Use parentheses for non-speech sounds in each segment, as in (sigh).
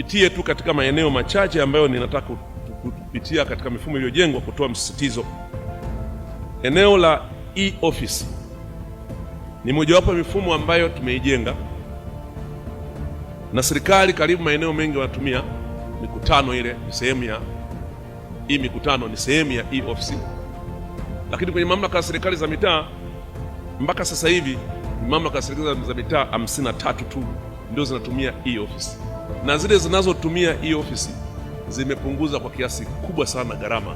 nipitie tu katika maeneo machache ambayo ninataka kupitia katika mifumo iliyojengwa kutoa msisitizo. Eneo la e-office ni mojawapo ya mifumo ambayo tumeijenga na serikali karibu maeneo mengi wanatumia mikutano. Ile ni sehemu ya hii mikutano ni sehemu ya e-office, lakini kwenye mamlaka ya serikali za mitaa mpaka sasa hivi ni mamlaka ya serikali za mitaa 53 tu ndio zinatumia e-office na zile zinazotumia hii ofisi zimepunguza kwa kiasi kubwa sana gharama,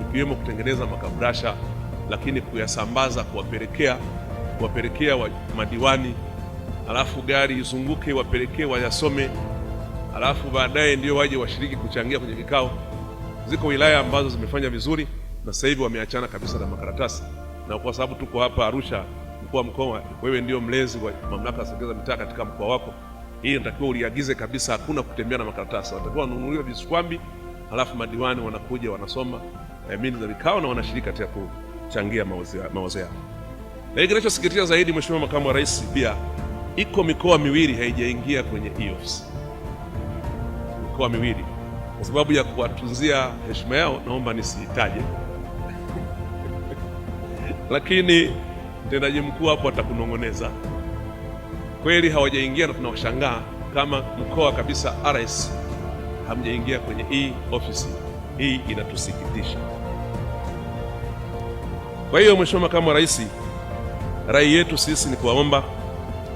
ikiwemo kutengeneza makabrasha, lakini kuyasambaza, kuwapelekea kuwapelekea wa madiwani, alafu gari izunguke wapelekee wayasome, alafu baadaye ndio waje washiriki kuchangia kwenye vikao. Ziko wilaya ambazo zimefanya vizuri na sasa hivi wameachana kabisa na makaratasi, na kwa sababu tuko hapa Arusha, mkuu wa mkoa, wewe ndio mlezi wa mamlaka ya serikali za mitaa katika mkoa wako. Hii natakiwa uliagize kabisa, hakuna kutembea na makaratasi. Watakiwa wanunuliwa visukwambi halafu madiwani wanakuja wanasoma eh, mini za vikao na wanashiriki katika kuchangia mawazo yao. Lakini kinachosikitisha zaidi, Mheshimiwa Makamu wa Rais, pia iko mikoa miwili haijaingia kwenye EAFS, mikoa miwili. Kwa sababu ya kuwatunzia heshima yao, naomba nisitaje (laughs) lakini mtendaji mkuu hapo atakunong'oneza kweli hawajaingia, na tunawashangaa kama mkoa kabisa RS hamjaingia kwenye hii ofisi hii, inatusikitisha. Kwa hiyo Mheshimiwa Makamu wa Rais, rai yetu sisi ni kuwaomba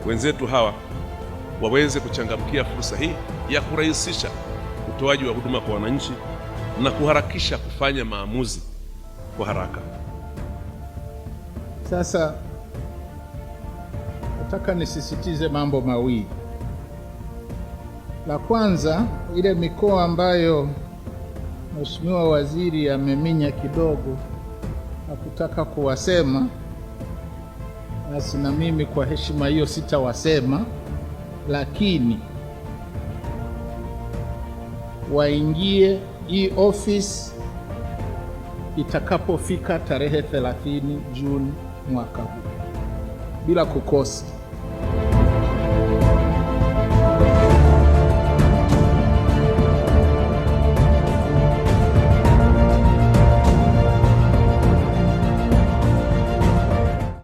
wenzetu hawa waweze kuchangamkia fursa hii ya kurahisisha utoaji wa huduma kwa wananchi na kuharakisha kufanya maamuzi kwa haraka. Sasa nataka nisisitize mambo mawili. La kwanza, ile mikoa ambayo Mheshimiwa Waziri ameminya kidogo na kutaka kuwasema, basi na mimi kwa heshima hiyo sitawasema, lakini waingie hii ofisi itakapofika tarehe 30 Juni mwaka huu bila kukosa.